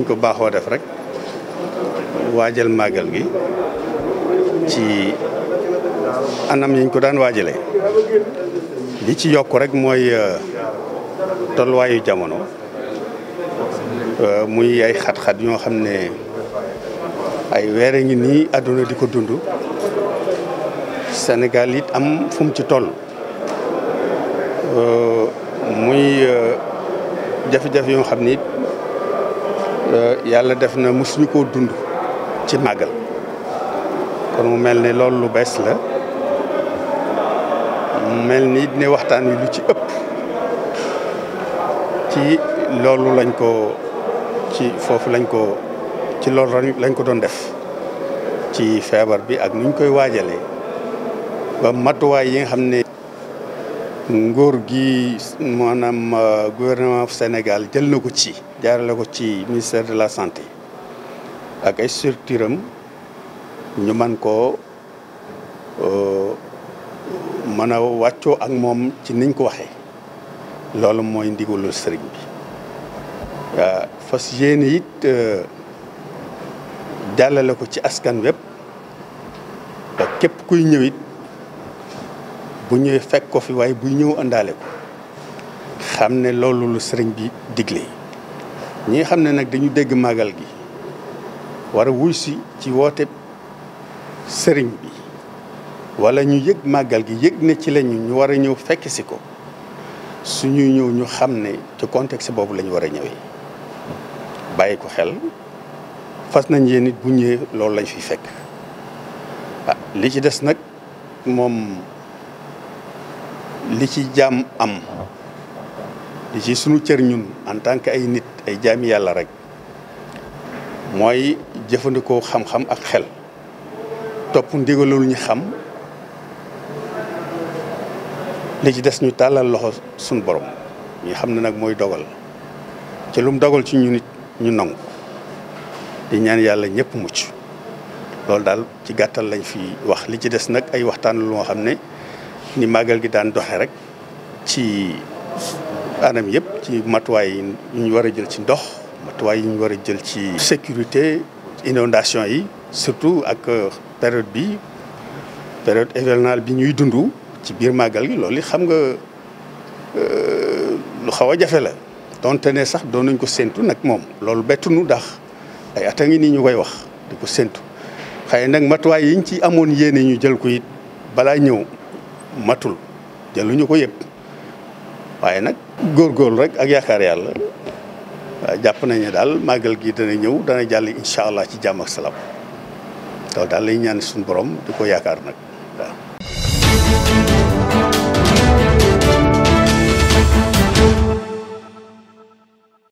dañ ko baaxoo def rek waajal màggal gi ci anam yiñ ko daan waajale li ci yokk rek mooy euh, tolluwaayu jamono euh, muy ay xat-xat yoo xam ne ay weer ngi nii àdduna di ko dund Sénégal it am fum mu ci toll euh, muy jafe-jafe yoo xam Euh, yàlla def na mosuñu koo dund ci màggal kon mu mel ni loolu lu bees la mel ni ne waxtaan wi lu ci ëpp ci loolu lañ ko ci foofu lañ ko ci loolu lañ ko doon def ci feebar bi ak nuñ koy waajalee ba matuwaay yi xam ne ngor gi manam gouvernement Sénégal jël nako ci jaar lako ci ministère de la santé ak ay structure ñu man ko euh a waccio ak mom ci niñ ko waxee loolu moy ndigul sëriñ bi ya fas yene it dalalako euh, ci askan ba kep kuy ñëw bu ñëwee fekk ko fi waaye buy ñëw àndaale ko xam ne loolu lu sëriñ bi digle ñi xam ne nag dañu dégg màggal gi war a wuy si ci woote sëriñ bi wala ñu yëg màggal gi yëg ne ci lañu ñu war a ñëw fekk si ko suñuy ñëw ñu xam ne ci contexte boobu lañu war a ñëwee bàyyi ko xel fas na yéen bu ñëwee loolu lañu fiy fekk ah, li ci des nag moom li ci jaam am li ci sunu cër ñun en tant que ay nit ay jaami yàlla rek mooy jëfandikoo xam-xam ak xel topp ndigalul ñu xam li ci des ñu tàllal loxo sunu borom ñu xam ne nag mooy dogal ci lum dogal ci ñu nit ñu nangu di ñaan yàlla ñëpp mucc loolu daal ci gàttal lañ fi wax li ci des nag ay waxtaan lu nga xam ne ni màggal gi daan doxe rek ci anam yëpp ci matuwaay yi ñu war a jël ci ndox matuwaay yi ñu war a jël ci sécurité inondation yi surtout ak euh, période bi période hivernale bi ñuy dund ci biir màggal gi loolu xam nga euh, lu xaw a jafe la donte ne sax doon nañ ko séntu nag moom loolu bettunu ndax ay at a ngi nii ñu koy wax di ko séntu xëy nag matuwaay yiñ ci amoon yéene ñu jël ko it balaa ñëw matul jëluñu ko yëpp waaye nag góor góorgóorlu rek ak yaakaar yàlla jàpp nañu ne daal màggal gi dana ñëw dana jàll incha allah ci jàmm ak salaam loolu daal lay ñaan suñu borom di ko yaakaar nag waaw.